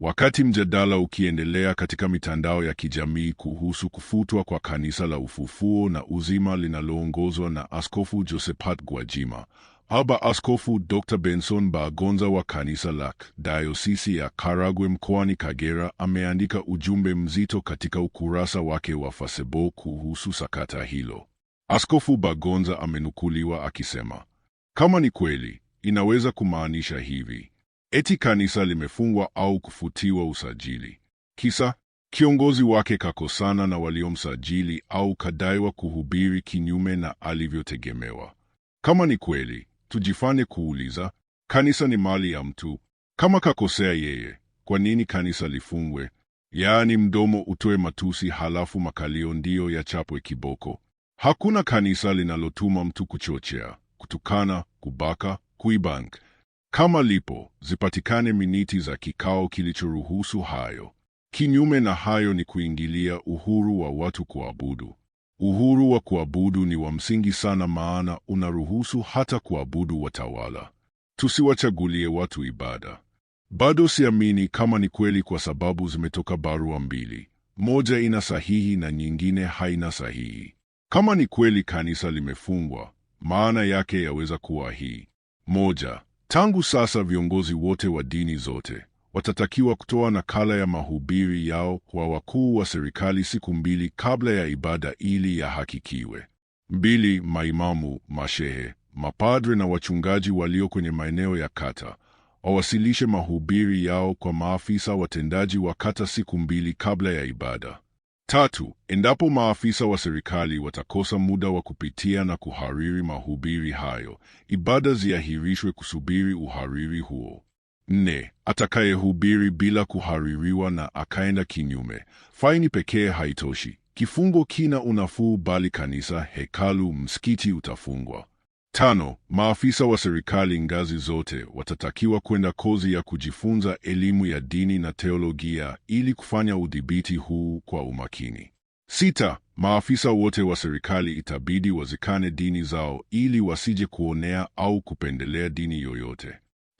Wakati mjadala ukiendelea katika mitandao ya kijamii kuhusu kufutwa kwa Kanisa la Ufufuo na Uzima linaloongozwa na Askofu Josephat Gwajima, Aba Askofu Dr. Benson Bagonza wa Kanisa la Dayosisi ya Karagwe mkoani Kagera ameandika ujumbe mzito katika ukurasa wake wa Facebook kuhusu sakata hilo. Askofu Bagonza amenukuliwa akisema, kama ni kweli, inaweza kumaanisha hivi eti kanisa limefungwa au kufutiwa usajili. Kisa kiongozi wake kakosana na waliomsajili au kadaiwa kuhubiri kinyume na alivyotegemewa. Kama ni kweli, tujifanye kuuliza, kanisa ni mali ya mtu. Kama kakosea yeye, kwa nini kanisa lifungwe? Yaani mdomo utoe matusi halafu makalio ndiyo yachapwe kiboko. Hakuna kanisa linalotuma mtu kuchochea, kutukana, kubaka, kuibank kama lipo, zipatikane miniti za kikao kilichoruhusu hayo. Kinyume na hayo ni kuingilia uhuru wa watu kuabudu. Uhuru wa kuabudu ni wa msingi sana, maana unaruhusu hata kuabudu watawala. Tusiwachagulie watu ibada. Bado siamini kama ni kweli, kwa sababu zimetoka barua mbili, moja ina sahihi na nyingine haina sahihi. Kama ni kweli kanisa limefungwa, maana yake yaweza kuwa hii: moja, Tangu sasa viongozi wote wa dini zote watatakiwa kutoa nakala ya mahubiri yao kwa wakuu wa serikali siku mbili kabla ya ibada ili yahakikiwe. Mbili, maimamu, mashehe, mapadre na wachungaji walio kwenye maeneo ya kata wawasilishe mahubiri yao kwa maafisa watendaji wa kata siku mbili kabla ya ibada. Tatu, endapo maafisa wa serikali watakosa muda wa kupitia na kuhariri mahubiri hayo, ibada ziahirishwe kusubiri uhariri huo. Nne, atakayehubiri bila kuhaririwa na akaenda kinyume, faini pekee haitoshi. Kifungo kina unafuu, bali kanisa, hekalu, msikiti utafungwa. Tano, maafisa wa serikali ngazi zote watatakiwa kwenda kozi ya kujifunza elimu ya dini na teolojia ili kufanya udhibiti huu kwa umakini. Sita, maafisa wote wa serikali itabidi wazikane dini zao ili wasije kuonea au kupendelea dini yoyote.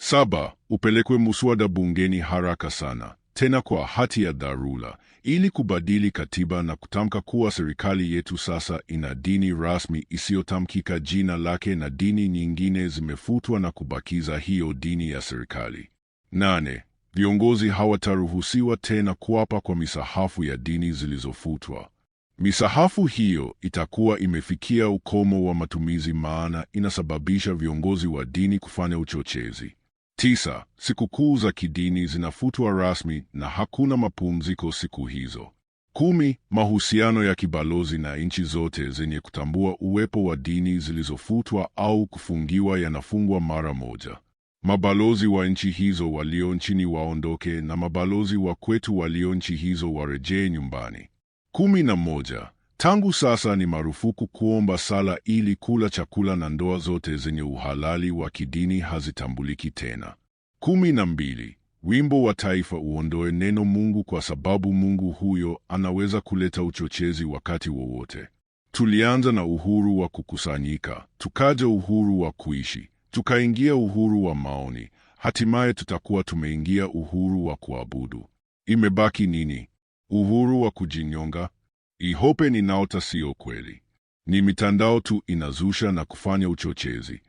Saba, upelekwe muswada bungeni haraka sana tena kwa hati ya dharura ili kubadili katiba na kutamka kuwa serikali yetu sasa ina dini rasmi isiyotamkika jina lake na dini nyingine zimefutwa na kubakiza hiyo dini ya serikali. Nane, viongozi hawataruhusiwa tena kuapa kwa misahafu ya dini zilizofutwa. Misahafu hiyo itakuwa imefikia ukomo wa matumizi, maana inasababisha viongozi wa dini kufanya uchochezi. Tisa, sikukuu za kidini zinafutwa rasmi na hakuna mapumziko siku hizo. Kumi, mahusiano ya kibalozi na nchi zote zenye kutambua uwepo wa dini zilizofutwa au kufungiwa yanafungwa mara moja. Mabalozi wa nchi hizo walio nchini waondoke na mabalozi wa kwetu walio nchi hizo warejee nyumbani. Kumi na moja, Tangu sasa ni marufuku kuomba sala ili kula chakula na ndoa zote zenye uhalali wa kidini hazitambuliki tena. kumi na mbili. Wimbo wa taifa uondoe neno Mungu kwa sababu Mungu huyo anaweza kuleta uchochezi wakati wowote. Tulianza na uhuru wa kukusanyika, tukaja uhuru wa kuishi, tukaingia uhuru wa maoni, hatimaye tutakuwa tumeingia uhuru wa kuabudu. Imebaki nini? Uhuru wa kujinyonga, Ihope ninaota sio kweli, ni mitandao tu inazusha na kufanya uchochezi.